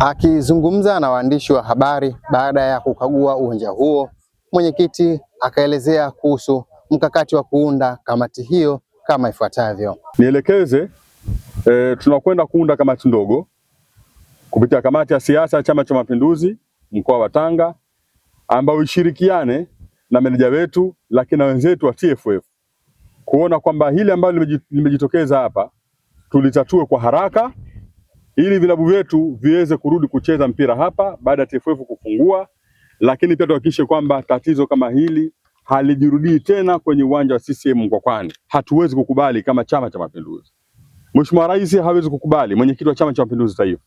Akizungumza na waandishi wa habari baada ya kukagua uwanja huo, mwenyekiti akaelezea kuhusu mkakati wa kuunda kamati hiyo kama ifuatavyo. Nielekeze e, tunakwenda kuunda kamati ndogo kupitia kamati ya siasa ya Chama cha Mapinduzi mkoa wa Tanga, ambayo ishirikiane na meneja wetu lakini na wenzetu wa TFF kuona kwamba hili ambalo limejitokeza hapa tulitatue kwa haraka ili vilabu vyetu viweze kurudi kucheza mpira hapa baada ya TFF kufungua, lakini pia tuhakikishe kwamba tatizo kama hili halijirudii tena kwenye uwanja wa CCM Mkwakwani. Hatuwezi kukubali kama Chama cha Mapinduzi. Mheshimiwa Rais hawezi kukubali, mwenyekiti wa Chama cha Mapinduzi Taifa.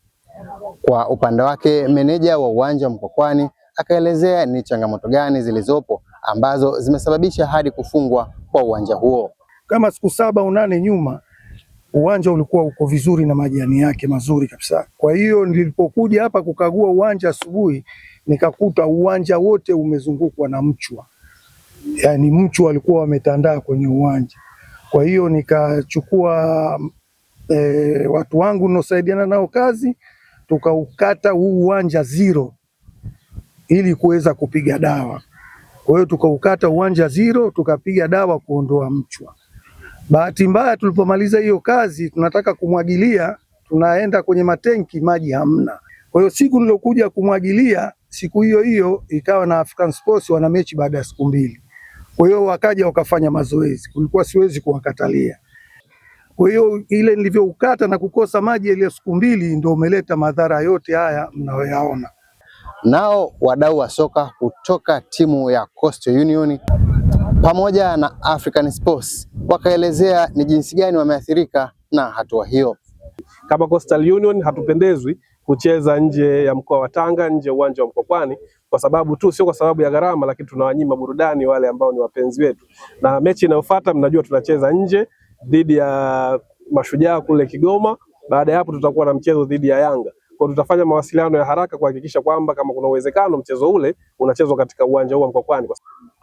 Kwa upande wake, meneja wa uwanja wa Mkwakwani akaelezea ni changamoto gani zilizopo ambazo zimesababisha hadi kufungwa kwa uwanja huo. Kama siku saba unane nyuma uwanja ulikuwa uko vizuri na majani yake mazuri kabisa. Kwa hiyo nilipokuja hapa kukagua uwanja asubuhi, nikakuta uwanja wote umezungukwa na mchwa, yaani mchwa alikuwa wametandaa kwenye uwanja. Kwa hiyo nikachukua e, watu wangu nosaidiana nao kazi, tukaukata huu uwanja zero ili kuweza kupiga dawa. Kwa hiyo tukaukata uwanja zero, tukapiga dawa kuondoa mchwa Bahati mbaya tulipomaliza hiyo kazi, tunataka kumwagilia, tunaenda kwenye matenki, maji hamna. Kwa hiyo siku nilokuja kumwagilia, siku hiyo hiyo ikawa na African Sports wana mechi baada ya siku mbili. Kwa hiyo wakaja wakafanya mazoezi, kulikuwa siwezi kuwakatalia. Kwa hiyo ile nilivyoukata na kukosa maji ile siku mbili, ndio umeleta madhara yote haya mnayoyaona. Nao wadau wa soka kutoka timu ya Coastal Union pamoja na African Sports wakaelezea ni jinsi gani wameathirika na hatua hiyo. Kama Coastal Union hatupendezwi kucheza nje ya mkoa wa Tanga, nje ya uwanja wa Mkwakwani kwa sababu tu, sio kwa sababu ya gharama, lakini tunawanyima burudani wale ambao ni wapenzi wetu, na mechi inayofuata mnajua tunacheza nje dhidi ya Mashujaa kule Kigoma. Baada ya hapo tutakuwa na mchezo dhidi ya Yanga. Kwa tutafanya mawasiliano ya haraka kuhakikisha kwamba kama kuna uwezekano mchezo ule unachezwa katika uwanja huu wa Mkwakwani.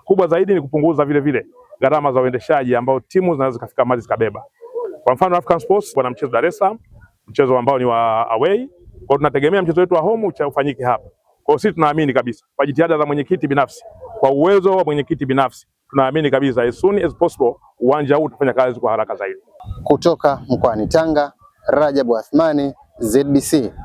Kubwa zaidi ni kupunguza vile vile gharama za uendeshaji ambao timu zinaweza zikafika mali zikabeba. Kwa mfano African Sports wana mchezo Dar es Salaam, mchezo ambao ni wa away, kwa tunategemea mchezo wetu wa home ufanyike hapa. Kwa hiyo sisi tunaamini kabisa kwa jitihada za mwenyekiti binafsi, kwa uwezo wa mwenyekiti binafsi, tunaamini kabisa as soon as possible uwanja huu utafanya kazi kwa haraka zaidi. Kutoka mkoani Tanga, Rajabu Athmani, ZBC.